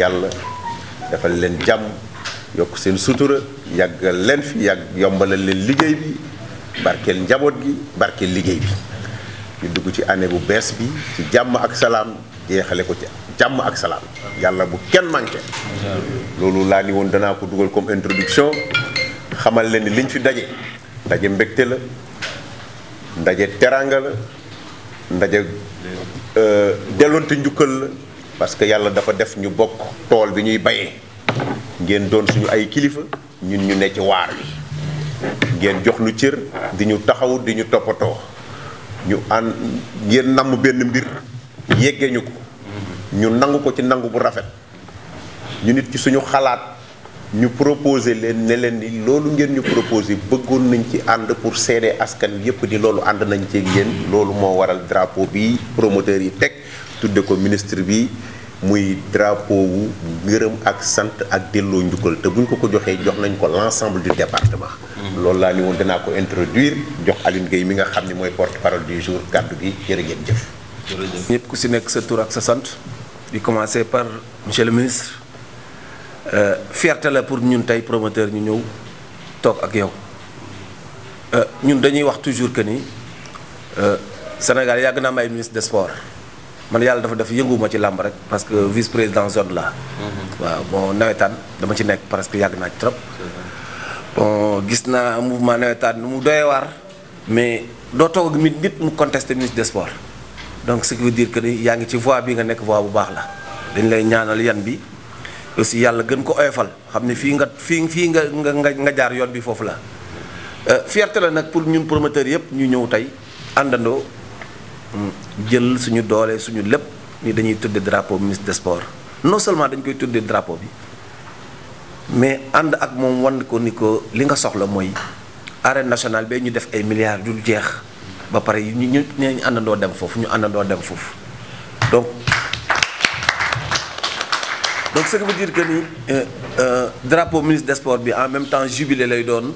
yàlla defal leen jàmm yokk seen sutura yàggal leen fi yàgg yombalal leen liggéey bi barkeel njaboot gi barkeel liggéey bi ñu dugg ci année bu bees bi ci jàmm ak salaam jeexale ko ca jàmm ak salaam yàlla bu kenn manqué loolu laa ni woon danaa ko dugal comme introduction xamal leen ni liñ fi daje ndaje mbégte la ndaje teranga la ndaje euh, delloonte njukkal la parce que yàlla dafa def ñu bokk tool bi ñuy bayee ngeen doon suñu ay kilifa ñun ñu ne ci waar wi ngeen jox lu cër di ñu taxaw di ñu toppatoo ñu ànd ngeen namm benn mbir yeggee ñu ko ñu nangu ko ci nangu bu rafet ñu nit ci suñu xalaat ñu proposé leen ne leen ni loolu ngeen ñu proposé bëggoon nañ ci ànd pour seede askan yépp di loolu ànd nañ ci yéen loolu moo waral drapo bi promoteur yi teg tudde ko ministre bi muy drapeau wu ngërëm ak sant ak delloo njukkal te buñ ko ko joxee jox nañ ko l' ensemble du département. Mm-hmm. lool laa ni woon dinaa ko introduire jox Aline Gueye mi nga xam ne mooy porte parole du jour kàddu gi jërë ngeen jëf. jërëjëf ñëpp ku si nekk sa tur ak sa sant. di commencer par monsieur le ministre euh, fierté la pour ñun tey promoteur ñu ñëw toog ak yow euh, ñun dañuy wax toujours que ni euh, Sénégal yàgg naa am ay ministre de sports. man yàlla dafa def yënguwuma ci làmb rek parce que vice président zone la mhm. waaw bon nawetaan dama ci nekk parce que yàgg naa trop. Mhm. bon gis naa mouvement nawetaan nu mu doyee waar mais doo toog ak nit mu contesté ministre des sports donc ce qui veut dire que ni yaa ngi ci voie bi nga nekk voie bu baax la dañ lay ñaanal yan bi aussi yàlla gën ko oyofal xam ne fii nga fii fii nga nga nga jaar yoon bi foofu la euh, fierté la nag pour ñun promoteurs yëpp ñu ñëw tey àndandoo. jël suñu doolee suñu lépp nii dañuy tudd drapeau ministre de sports non seulement dañ koy tudde drapeau bi mais ànd ak moom wan ko ni ko li nga soxla mooy arène nationale bee ñu def ay milliards dul jeex ba pare ñu ñu ñu àndandoo dem foofu ñu àndandoo dem foofu donc donc ce diir veut dire que ni euh, euh, drapeau ministre des sports bi en même temps jubilé lay doon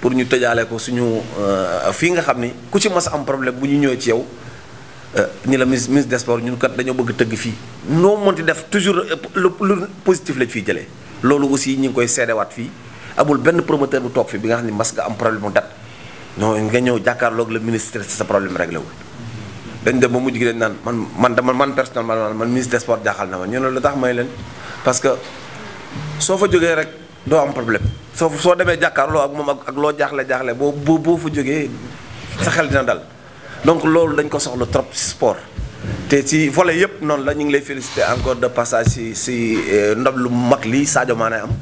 pour ñu tëjaale ko suñu euh, fii nga xam ni ku ci mas am problème bu ñu ñëwee ci yow. Euh, ni la ministre des ñu ñun kat dañoo bëgg tëgg fii noo mënti def toujours euh, lu positif lañ fiy jëlee loolu aussi ñu ngi koy waat fii amul benn promoteur bu toog fi bi nga xam ne mas nga am problème mu dat non nga ñëw jàkkaarloog le ministre sa problème rek réglé wul dañ dem ba mujj gi dañ naan man man dama man personnellement man ministre des sports jaaxal na ma ñu ne lu tax may leen parce que soo fa jógee rek doo am problème soo soo demee jàkkaarloo ak moom ak loo jaaxle jaaxle boo boo fa jógee sa xel dina dal donc loolu dañ ko soxla trop sport te si volet yëpp noonu la ñu ngi lay féliciter encore de passage si ci euh, ndam lu mag li Sadio Mané am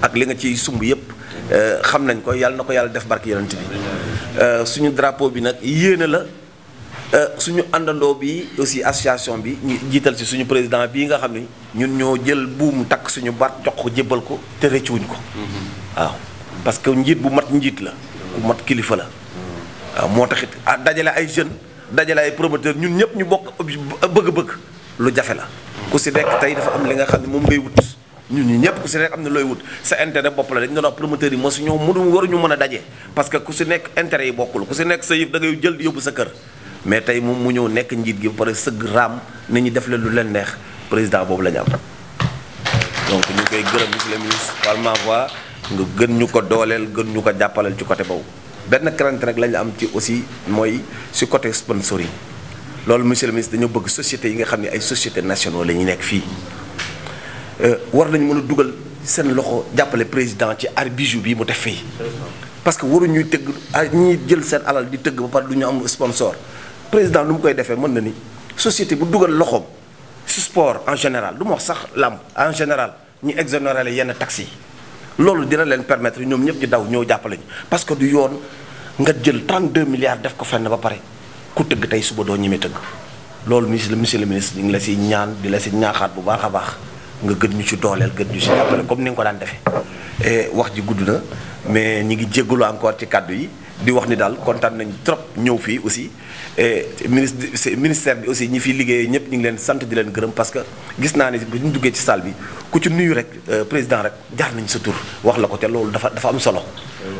ak li nga ciy sumb yëpp euh, xam nañ ko yàlla na ko yàlla def barke yonent bi euh, suñu drapeau bi nag yéene la suñu àndandoo bi aussi association bi ñu jiital ci suñu président bi nga xam ni ñun ñoo jël buum takk suñu baat jox ko jébbal ko te rëccuwuñ ko mm-hmm. waaw parce que njiit bu mat njiit la ku mat kilifa la waaw moo tax it ah, dajale ay jeunes dajale ay promoteurs ñun ñëpp ñu bokk bëgg-bëgg lu jafe la. ku si nekk tey dafa am li nga xam ne moom ngay wut ñun ñi ñëpp ku si nekk am na looy wut sa intérêt bopp la dañu doon wax promoteurs yi moo si ñoo mënu waruñu mën a daje. parce que ku si nekk intérêt yi bokkul ku si nekk sa yëf da jël di yóbbu sa kër mais tey moom mu ñëw nekk njiit gi ba pare sëgg raam nit ñi def leen lu leen neex président boobu lañu ñu am. donc ñu koy gërëm monsieur le ministre par ma voix nga gën ñu ko dooleel gën ñu ko jàppaleel ci côté boobu. benn crainte rek lañ la am ci aussi mooy si côté sponsoring loolu monsieur le ministre dañoo bëgg société yi nga xam ne ay société nationale la ñu nekk fii euh, war nañ mën a dugal seen loxo jàppale président ci arbitre bi mu def fii parce que waru ñuy tëgg ah, ñuy jël seen alal di tëgg ba pare du ñu am sponsor président lu mu koy defee mën na ni société bu dugal loxoom si sport en général du ma sax làmp en général ñu exonéré yenn taxi loolu dina leen permettre ñoom ñëpp di daw ñoo jàppale ñu parce que du yoon nga jël 32 milliards def ko fenn ba pare ku tëgg tey suba doo ñemee tëgg loolu monsieur monsieur le ministre ñu ngi la si ñaan di la si ñaaxaat bu baax a baax nga gën ñu ci dooleel gën ñu si jàppale comme ni nga ko daan defee. Eh, wax ji gudd na mais ñi ngi jéggalu encore ci kàddu yi. di wax ni daal kontaan nañ trop ñëw fii aussi et ministre ministère bi aussi ñi fiy liggéeyee ñëpp ñu ngi leen sant di leen gërëm parce que gis naa ne bu ñu duggee ci salle bi ku ci nuyu rek euh, président rek jaar nañ sa tur wax la ko te loolu dafa dafa am solo.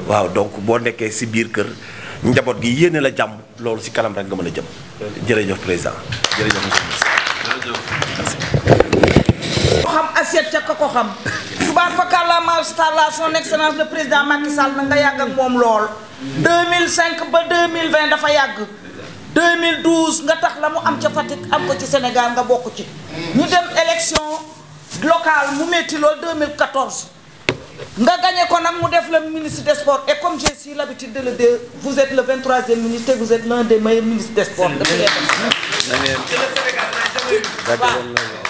waaw donc boo nekkee si biir kër njaboot gi yéene la jàmm loolu si kanam rek nga mën a jëm. jërëjëf président jërëjëf monsieur xam assiette ca ka ko xam tubaab fakalla masalla son excellence le président Macky Sall na nga yàgg ak moom lool 2005 ba 2020 dafa yàgg 2012 nga tax la mu am ca Fatick am ko ci Sénégal nga bokk ci ñu dem élection locale mu métti lool 2014 nga gagné ko nag mu def le ministre des sports et comme j'ai si l'habitude de le dire vous êtes e ministre et vous êtes l'un des meilleurs ministres des sports. dëgg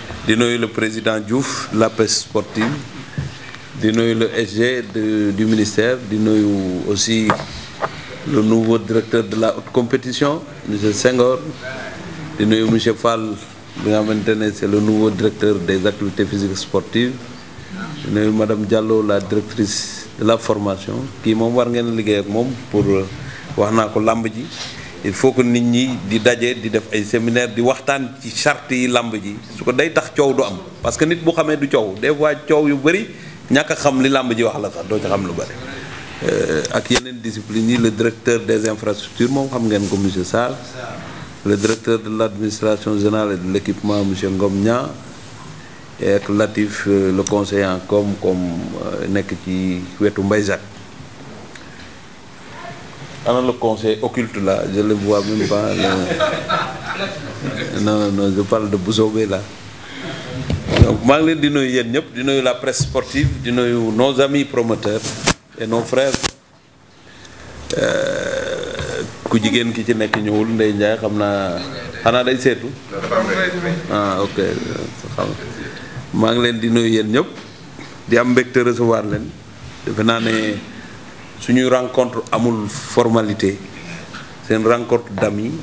di nuyu le président Diouf l'APS e sportive di nuyu le SG du ministère di nuyu aussi le nouveau directeur de la haute compétition monsieur Senghor di nuyu monsieur Fall bi nga xamante ne c'est le nouveau directeur des activités physiques sportives di nuyu madame Diallo la directrice de la formation kii moom war ngeen liggéey ak moom pour wax naa ko làmb ji il faut que nit ñi di daje di def ay séminaire di waxtaan ci chart yi làmb ji su ko day tax coow du am parce que nit bu xamee du coow des fois coow yu bëri ñàkk a xam li làmb ji wax la sax doo ci xam lu bëri euh, ak yeneen discipline yi le directeur des infrastructures moom xam ngeen ko monsieur Sall le directeur de l'administration générale et de l'équipement monsieur Ngom Niang et ak Latif euh, le conseiller comme comme euh, nekk ci wetu Mbaye Jacques ana le conseil occulte là je le vois même pas le... non je parle de Bousobé là donc maa ngi leen di nuyu yéen ñëpp di nuyu la presse sportive di nuyu nos amis promoteurs et nos frères euh, ku jigéen ki ci nekk ñëwul Ndeye Ndiaye xam naa xanaa day seetu ah, maa ngi leen di nuyu yéen ñëpp di am mbégte recevoir leen defe naa ne suñuy rencontre amul formalité seen une rencontre d'amis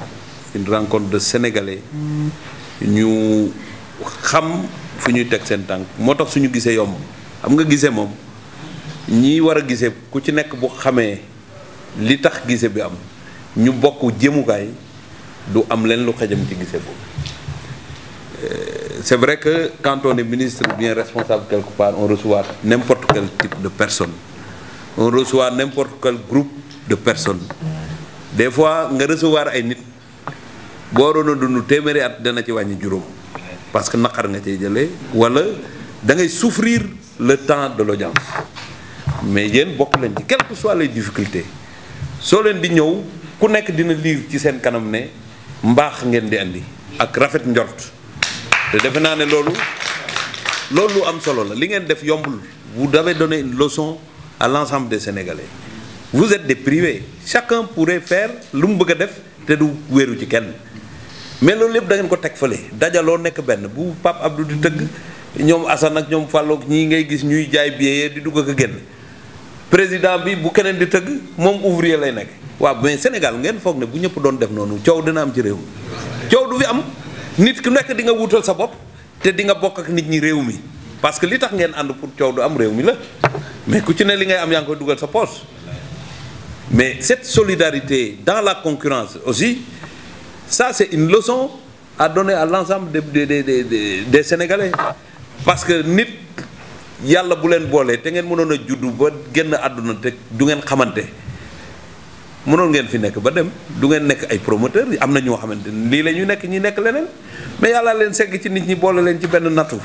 une rencontre de sénégalais ñu xam fu ñuy teg seen tànk moo tax suñu gisee yomb xam nga gisee moom ñi war a gisee ku ci nekk bu xamee li tax gisee bi am ñu bokk jëmukaay du am leen lu xejam ci gisee boobu euh, c'est vrai que quand on est ministre bien responsable quelque part on reçoit n'importe quel type de personne on reçoit n'importe quel groupe de personnes des fois nga recevoir ay nit boo doon dund téeméeri at dana ci wàññi juróom parce que naqar nga cay jëlee wala da ngay souffrir le temps de l'audience mais yéen bokk lañ ci quelles que soient les difficultés soo leen di ñëw ku nekk dina liir ci seen kanam ne mbaax ngeen di indi ak rafet njort te defe naa ne loolu loolu am solo la li ngeen def yombul bu avez donné une leçon à l'ensemble des Sénégalais vous êtes des privés chacun pourrait faire lu mu bëgg a def te du wéeru ci kenn mais loolu lépp dangeen ko teg fële dajaloo nekk benn bu Pape Abdou di tëgg ñoom Assane ak ñoom Fallook ñii ngay gis ñuy jaay billet di dugg ak génn président bi bu keneen di tëgg moom ouvrier lay nekk waaw mais Sénégal ngeen foog ne bu ñëpp doon def noonu coow dina am ci réew mi coow du fi am nit ku nekk di nga wutal sa bopp te dinga bokk ak nit ñi réew mi parce que li tax ngeen ànd pour coow du am réew mi la mais ku ci ne li ngay am yaa ngi koy dugal sa poche mais cette solidarité dans la concurrence aussi ça c'est une leçon à donner à l'ensemble des des des de Sénégalais parce que nit yàlla bu leen boolee te ngeen mënoon a juddu ba génn àdduna te du ngeen xamante mënoon ngeen fi nekk ba dem du ngeen nekk ay promoteur am na ñoo xamante ni lii la ñu nekk ñi nekk leneen mais yàlla leen segg ci nit ñi boole leen ci benn nattu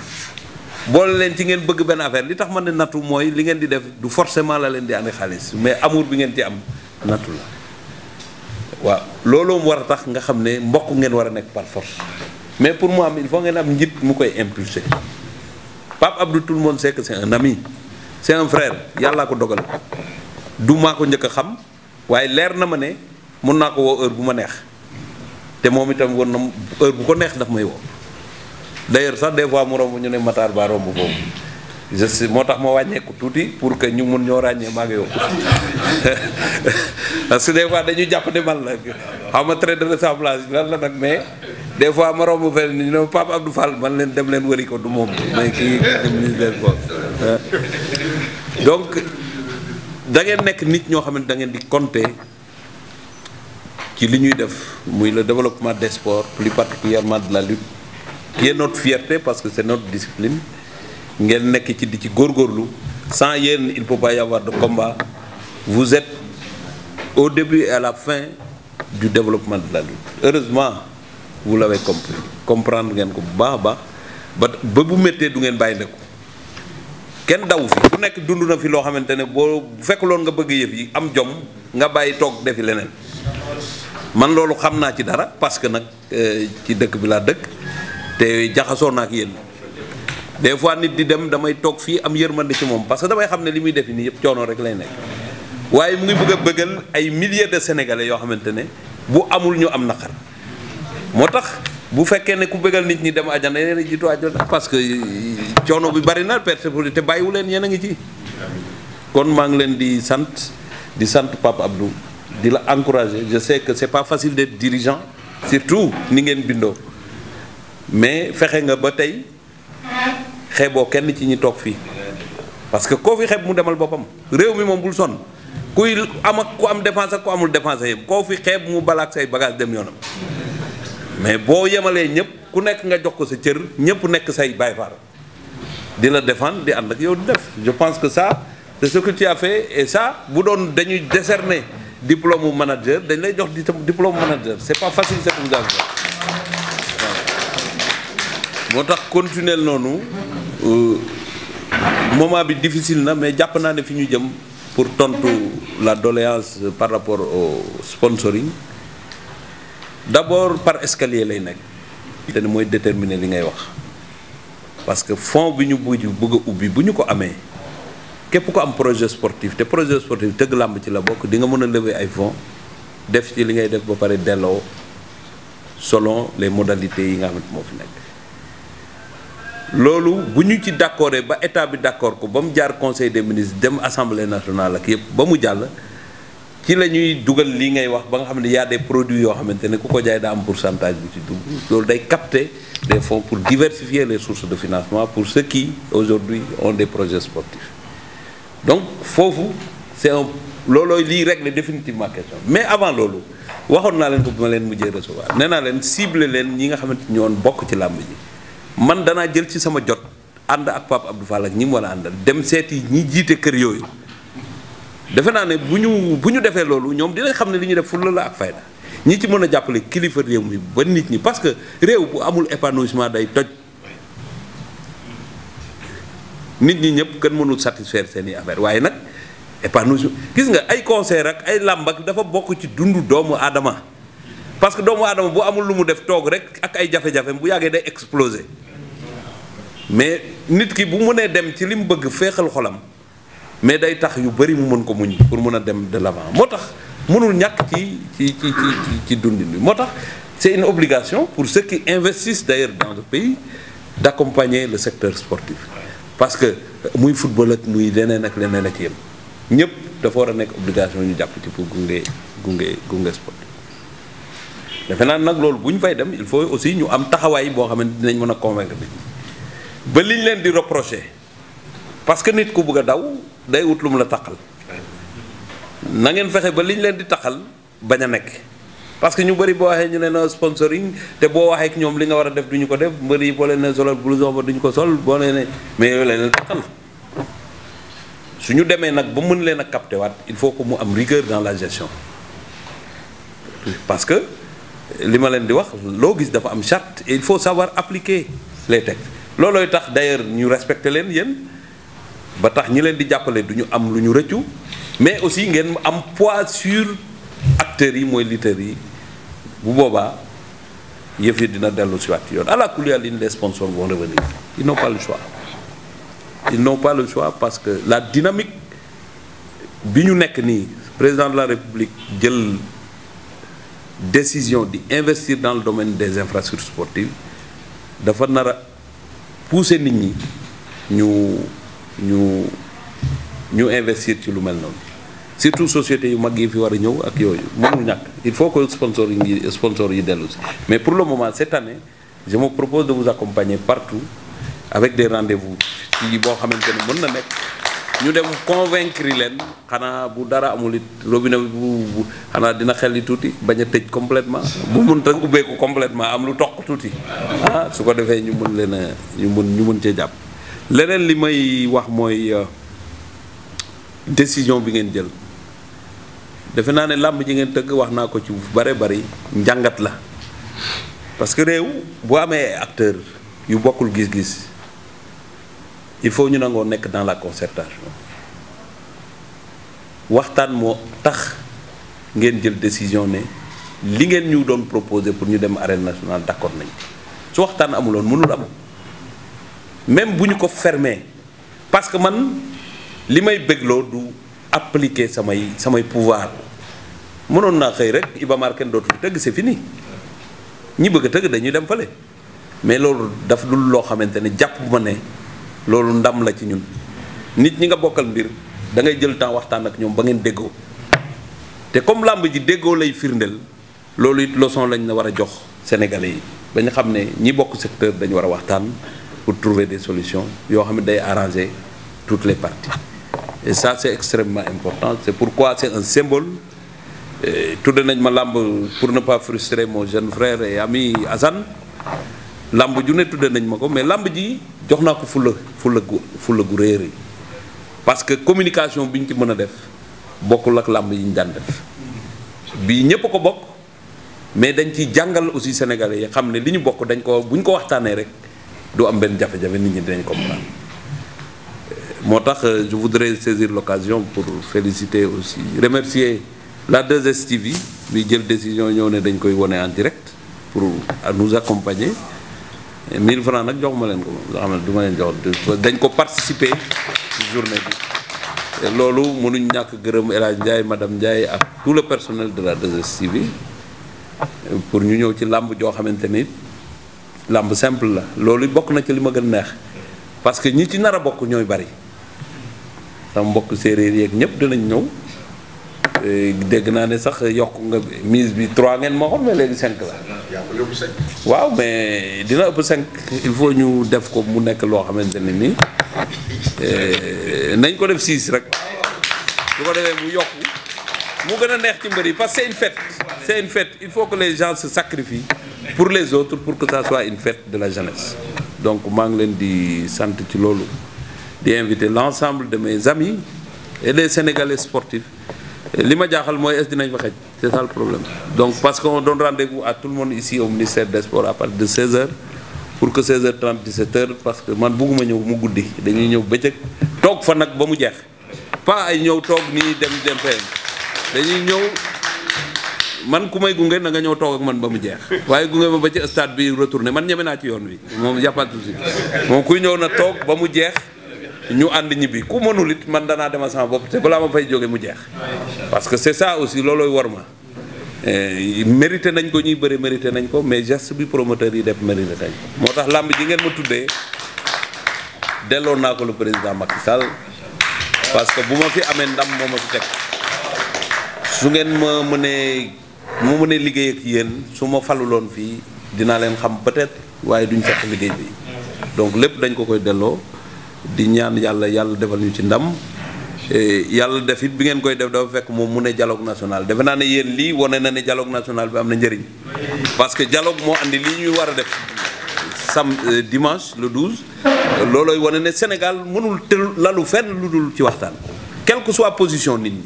boole leen ci ngeen bëgg benn affaire li tax man ne nattu mooy li ngeen di def du forcément la leen di andi xaalis mais amour bi ngeen ci am nattu la waaw looloo mu war a tax nga xam ne mboq ngeen war a nekk par force mais pour moi il faut ngeen am njit mu koy impulser Pape Abdou tout le monde sait que c'est un ami c'est frère yàllaa ko dogal du maa ko njëkk a xam waaye leer na ma ne mën naa ko woo heure bu ma neex te moom itam woon na heure bu ko neex daf may woo. d'ailleurs sax des fois mu romb ñu ne Matar Ba romb foofu moo tax ma wàññeeku tuuti pour que ñu mun ñoo ràññee maa ngi yow parce que des fois dañu jàpp ne man la xaw ma trait de ressemblance lan la nag mais des fois ma romb fenn ñu ne Pape Abdou Fall man leen dem leen wëri ko du moom mais kii ministre donc da ngeen nekk nit ñoo xam ne da ngeen di compter ci li ñuy def muy le développement des sports plus particulièrement de la lutte qui est notre parce que c'est notre discipline ngeen nekk ci di ci góorgóorlu sans yéen il peut pas y avoir au début et la fin du développement de la lutte heureusement vous l'avez comprendre ngeen ko bu baax a baax ba ba bu du ngeen bàyyi ko kenn daw fi ku nekk dundu na fi loo xamante ne boo fekk loon nga bëgg yëf yi am jom nga bàyyi toog defi leneen man loolu xam naa ci dara parce que nag euh, ci dëkk bi laa dëkk te jaxasoo na ak yéen des fois nit di dem damay toog fii am yërmande ci moom parce que damay xam ne li muy def nii yëpp coono rek lay nekk waaye mu ngi bëgg a bëggal ay milliers de sénégalais yoo xamante ne bu amul ñu am naqar moo tax bu fekkee ne ku bëggal nit ñi dem àjjana yéen a jiitu àjjana parce que coono bi bari na perte te bàyyiwu leen yéen a ngi ci. kon maa ngi leen di sant di sant Pape Abdou di la encourager je sais que c'est pas facile d'être dirigeant surtout ni ngeen bindoo. mais fexe nga ba tey xeeboo kenn ci ñi toog fii parce que koo fi xeeb mu demal boppam réew mi moom bul sonn kuy am ak ku am dépense ak ku amul dépense yëpp koo fi xeeb mu balaak say bagage dem yoonam mais boo yemalee ñëpp ku nekk nga jox ko sa cër ñëpp nekk say baay faal di la défendre di ànd ak yow di def je pense que ça c'est ce que tu as fait et ça bu doon dañuy décerner diplôme manager dañ lay jox diplôme manager c'est pas facile cet engagement moo tax continuer noonu euh, moment bi difficil na mais jàpp naa ne fi ñu jëm pour tontu la doléance par rapport au sponsoring d'abord par escalier lay nekk. te ne mooy déterminer li ngay wax parce que fonds bi ñu bëgg bëgg ubbi bu ñu ko amee képp ko am projet sportif te projet sportif tëgg làmb ci la bokk di nga mën a lever ay fonds def ci li ngay def ba pare delloo solon les modalités yi nga xamante moo fi nekk. loolu bu ñu ci d' accordé ba état bi d' accord ko ba mu jaar conseil des ministres dem assemblée nationale ak yëpp ba mu jàll ci la ñuy dugal lii ngay wax ba nga xam ne y' a des produits yoo xamante ne ku ko jaay da am pourcentage bu ci dugg loolu day capter des fonds pour diversifier les sources de financement pour ceux qui aujourd'hui ont des projets sportifs donc foofu c' est un loolooy liy régler définitivement question mais avant loolu waxoon naa leen ko bu ma leen mujjee nee naa leen cibler leen ñi nga xamante ñoon bokk ci làmb ji man danaa jël ci sama jot ànd ak Pape Abdou Fall ak ñi mu war a àndal dem seeti ñi jiite kër yooyu defe naa ne bu ñu bu ñu defee loolu ñoom dinañ xam ne li ñu def fulla la ak fayda ñi ci mën a jàppale kilifa réew mi ba nit ñi parce que réew bu amul épanouissement day toj nit ñi ñëpp kenn mënul satisfaire seen i affaire waaye nag épanouissement gis nga ay concert ak ay làmb ak dafa bokk ci dundu doomu aadama parce que doomu aadama bu amul lu mu def toog rek ak ay jafe-jafem bu yàggee day exploser mais nit ki bu mënee dem ci li mu bëgg féexal xolam mais day tax yu bëri mu mën ko muñ pour mën a dem de l'avant moo tax mënul ñàkk ci ci ci ci ci moo tax c'est une obligation pour ceux qui investissent d'ailleurs dans le pays d'accompagner le secteur sportif parce que muy football ak muy leneen ak leneen ak yem ñëpp dafa war a nekk obligation ñu jàpp ci pour gunge gunge gunge sport defe naan nag loolu bu ñu fay dem il faut aussi ñu am taxawaay boo xam ne dinañ mën a convaincre nit ba liñ leen di reprocher parce que nit ku bëgg a daw day ut lu mu la taqal na ngeen fexe ba liñ leen di taqal bañ a nekk parce que ñu bari boo waxee ñu ne na sponsoring te boo waxee ak ñoom li nga war a def duñu ko def mbëri yi boo leen ne solal blouson ba du ñu ko sol boo leen ne mais yooyu leen taqal su ñu demee nag ba mën leen a capté waat il faut que mu am rigueur dans la gestion li ma leen di wax loo gis dafa am charte et il faut savoir appliquer les textes loolooy tax d'ailleurs ñu respecter leen yéen ba tax ñi leen di jàppale du ñu am lu ñu rëccu mais aussi ngeen am poids sur acteurs yi mooy lutteurs yi bu boobaa yëf yi dina dellu si waat yoon à la couleur ligne les sponsors vont revenir ils n'ont pas le choix ils n'ont pas le choix parce que la dynamique bi ñu nekk nii président de la république jël décision di investir dans le domaine des infrastructures sportives dafa nara pouse nit ñi ñu ñu ñu investir ci lu mel noonu surtout sociétés yu mag yi fi war a ñëw ak yooyu mënul ñàkk il faut que sponsor yi sponsor yi dellu si mais pour le moment cette année je me propose de vous accompagner partout avec des rendez-vous ci boo xamante ne mën na nekk ñu dem convaincre leen xanaa bu dara amul it robinet bi bu xanaa dina xel li tuuti bañ a tëj completement bu mun ta ubbeeku completement am lu toq tuuti ah, su ko defee ñu mën leen a ñu mën ñu mën cee jàpp leneen li may wax mooy euh, décision bi ngeen jël defe naa ne làmb ji ngeen tëgg wax naa ko ci bu bare bari njàngat la parce que réew bu amee acteur yu bokkul gis-gis il faut ñu nangoo nekk dans la concertation waxtaan moo tax ngeen jël décision ne li ngeen ñu doon proposé pour ñu dem arène nationale d'accord nañ su waxtaan amuloon mënul am même bu ñu ko fermé parce que man li may bégloo du appliquer samay samay pouvoir mënoon naa xëy rek Iba Mar kenn dootu fi tëgg c'est nii ñi bëgg a tëgg dañuy dem fële mais loolu dafa dul loo xamante ne jàpp ma ne loolu ndam la ci ñun nit ñi nga bokkal mbir da ngay jël temps waxtaan ak ñoom ba ngeen déggoo te comme làmb ji déggoo lay firndeel loolu it leçon lañ ne war a jox sénégalais yi ba ñu xam ne ñi bokk secteur dañu war a waxtaan pour trouver des solutions yoo xam ne day arranger toutes les parties et ça c'est extrêmement important c'est pourquoi c'est un symbole tudd nañ ma làmb pour ne pas frustrer mon jeune frère et ami assan làmb ju ne tudd nañ ma ko mais làmb ji jox naa ko fulla fulla gu fulla gu réer yi parce que communication bi ñu ci mën a def bokkul ak làmb yi ñu daan def bii ñépp ko bokk mais dañ ci jàngal aussi sénégalais yi xam ne li ñu bokk dañ ko bu ñu ko waxtaanee rek du am benn jafe-jafe nit ñi dinañ comprendre euh, moo tax euh, je voudrais saisir l'occasion pour féliciter aussi remercier la 2STV muy jël décision ñëw ne dañ koy wone en direct pour nous accompagner 1000 francs nag jox ma leen ko nga xam ne du ma leen jox dañ ko participer ci journée bi loolu mënuñ ñàkk gërëm El Hadj Ndiaye madame Ndiaye ak tout le personnel de la 2STV pour ñu ñëw ci làmb joo xamante ni làmb simple la loolu bokk na ci li ma gën neex parce que ñi ci nar a bokk ñooy bari sama mbokk séeréer yeeg ñëpp dinañ ñëw dégg naa ne sax yokk nga mise bi 3 ngeen ma waxoon mais léegi 5 la. waaw mais dina ëpp cinq il faut ñu def ko mu nekk loo xamante ne ni eh, nañ ko def six rek su ko defee mu yokku mu gën a neex ci mbër yi parce que c'est une fête c'est une fête il faut que les gens se sacrifient pour les autres pour que ça soit une fait de la jeunesse donc maa ngi leen di sant ci loolu di inviter l'ensemble de mes amis et des sénégalais sportifs eh, li ma jaaxal mooy est dinañ fa xej C'est ça le problème. Donc, parce qu'on donne rendez-vous à tout le monde ici au ministère des Sports à de 16h, pour que 16h30, 17h, parce que man bëgguma ñëw mu guddi dañuy ñëw bëccëg toog fa nag ba mu jeex pas ay ñëw toog nii dem dem fenn dañuy ñëw man ku may gunge na nga ñëw toog ak man ba mu jeex waaye gunge ma ba stade bi retourné man ñeme naa ci yoon wi moom y a moom kuy ñëw na toog ba mu jeex. ñu ànd ñibbi ku mënul it man danaa dema sama bopp te balaa ma fay jóge mu jeex parce que c'est ça aussi loolooy war ma eh, mérité nañ ko ñuy bëri mérité nañ ko mais geste bi promoteur yi def mérité nañ ko moo tax làmb ji ngeen ma tuddee delloo naa ko le président Macky Sall parce que bu ma fi amee ndam moo ma fi teg su ngeen ma mënee ma mënee liggéey ak yéen su ma faluloon fii dinaa leen xam peut-être waaye duñ fekk liggéey bi donc lépp dañ ko koy delloo di ñaan yàlla yàlla defal ñu ci ndam e, yàlla def it bi ngeen koy def dafa fekk moom mu ne dialogue national defe naa ne yéen lii wane na ne dialogue national bi am na njariñ parce que dialogue moo andi lii ñuy war a def sam e, dimanche le 12 loolooy wane ne Sénégal mënul te lalu fenn lu dul ci waxtaan quelle que soit position nit ñi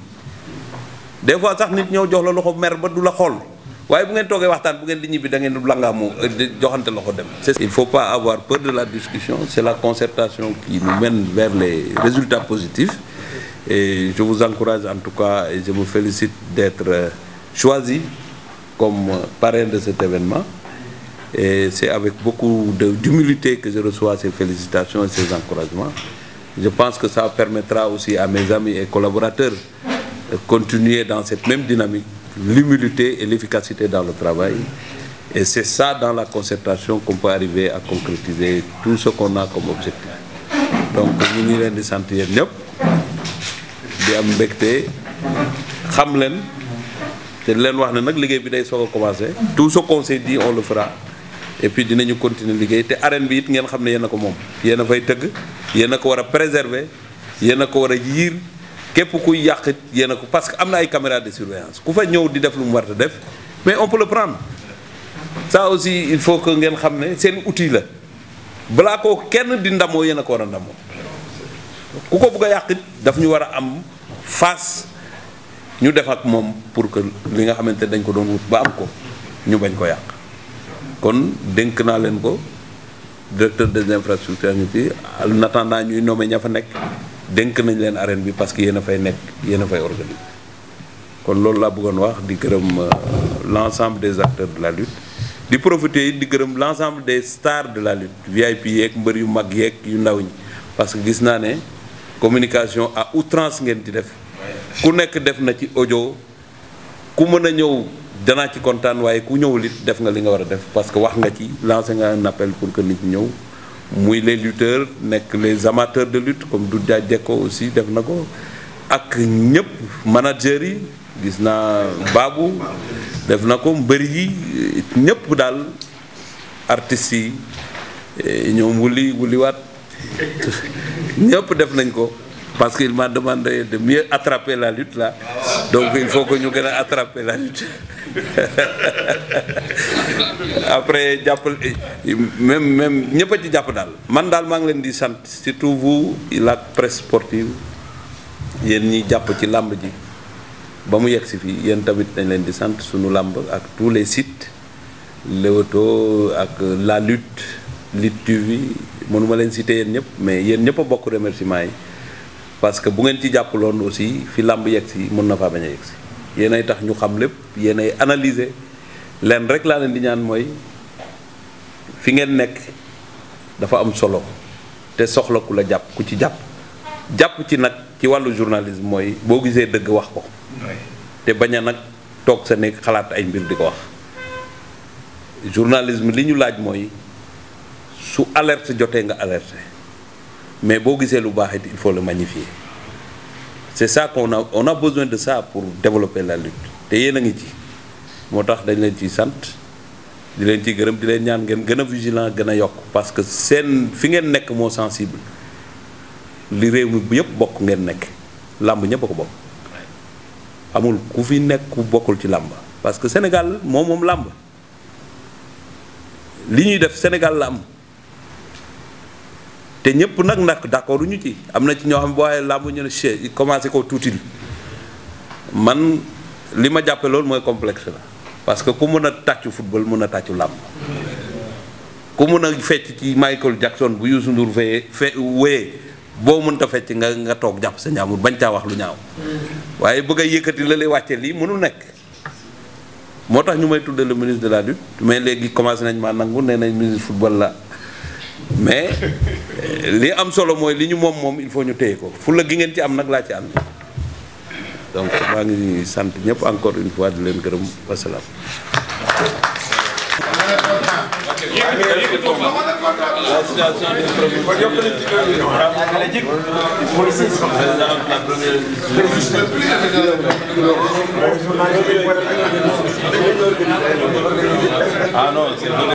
des fois sax nit ñëw jox la loxo mer ba du la xool waaye bu ngeen toogee waxtaan bu ngeen di ñibbi da ngeen di langaamu joxante loxo dem. il faut pas avoir peur de la discussion c'est la concertation qui nous mène vers les résultats positifs et je vous encourage en tout cas et je vous félicite d'être euh, choisi comme euh, parrain de cet événement et c'est avec beaucoup d'humilité que je reçois ces félicitations et ces encouragements je pense que ça permettra aussi à mes amis et collaborateurs de continuer dans cette même dynamique l'humilité et l'efficacité dans le travail. Et c'est ça, dans la concertation, qu'on peut arriver à concrétiser tout ce qu'on comme objectif. donc ñu ngi leen di sant yéen ñëpp di am mbégte xam leen te leen wax ne nag liggéey bi day soog a commencé. tout ce qu'on s'est dit on le fera et puis dinañu continuer liggéey te arène bi it ngeen xam ne yéen a ko moom yéen a fay tëgg yéen a ko war a préserver yéen a ko war a yiir. képp kuy yàq yéen ko parce que am na ay caméra de surveillance ku fa ñëw di def lu mu war a def mais on peut le prendre ça aussi il faut que ngeen xam ne seen uti la balaa ko kenn di ndamoo yéen ko war a ndamoo ku ko bugg a yàq it daf ñu war a am fas ñu def ak moom pour que li nga xamante dañ ko doon wut ba am ko ñu bañ ko yàq kon dénk naa leen ko directeur des infrastructures en attendant ñuy nommé ña fa nekk. dénk nañ leen arène bi parce que yéen a fay nekk yéen a fay organiser kon loolu laa bëggoon wax di gërëm euh, l'ensemble des acteurs de la lutte di profiter di gërëm l'ensemble des stars de la lutte VIP yeeg mbër yu mag yeeg yu ndaw ñi parce que gis naa ne communication à outrance ngeen ci def ku nekk def na ci ojo ku mën a ñëw danaa ci kontaan waaye ku ñëwul it def nga li nga war a def parce que wax nga ci lancé nga un pour que nit ñëw muy les lutteurs nekk les amateurs de lutte comme du jaaj Deko aussi def na ko ak ñëpp manager yi gis naa Babou def na ko mbëri yi ñëpp daal artistes yi eh, ñoom wuli wuliwaat ñëpp def nañ ko parce qu'il m'a demandé de mieux attraper la lutte la donc il faut que ñu gën a attraper la lutte après jàppal même même ñëpp ci jàpp daal man daal maa ngi leen di sant surtout vous la presse sportive yéen ñi jàpp ci làmb ji ba mu yegg si fii yéen tamit dañ leen di sant suñu làmb ak tous les sites Leewtoo ak la lutte Lutte TV mënuma leen site yéen ñëpp mais yéen ñëpp a bokk remerciement yi parce que bu ngeen ci jàppaloon aussi fi làmb yegg si mën na faa bañ a yegg si yéenay tax ñu xam lépp yéenay analyser lenn rek laa leen di ñaan mooy fi ngeen nekk dafa am solo te soxla ku la jàpp ku ci jàpp jàpp ci nag ci wàllu journalisme mooy boo gisee dëgg wax ko te bañ a nag toog sa nekk xalaat ay mbir di ko wax journalisme li ñu laaj mooy su alerte jotee nga alerte mais boo gisee lu baax it il faut le magnifier c'est ça qu'on a on a besoin de ça pour développer la lutte te yéen a ngi ci moo tax dañ leen ci sant di leen ciy gërëm di leen ñaan gën a vigilant gën a yokk parce que seen fi ngeen nekk moo sensible li réew mi yëpp bokk ngeen nekk làmb ñëpp a ko bokk amul ku fi nekk bokkul ci làmb parce que Sénégal moom moom làmb li ñuy def Sénégal la am. te ñëpp nag nag d'accord ñu ci am na ci ñoo xam ne waaye làmb ñu ne che commencé koo tuuti man li ma jàppe loolu mooy complexe la parce que ku mën a tàccu football mën a tàccu làmb ku mën a fecc ci Michael Jackson bu Youssou Ndour fee fe wéyee boo mënta fecc nga nga toog jàpp sa ñaamur bañ caa wax lu ñaaw waaye bëgg a yëkkati la lay wàcce lii mënul nekk moo tax ñu may tudde le ministre de la lutte mais léegi commencé nañ maa nangu nee nañ ministre football la mais euh, li am solo mooy li ñu moom moom il faut ñu téye ko fulla gi ngeen ci am nag laa ci ànd donc maa ngi sant ñëpp encore une fois di leen gërëm wasalaam. Ah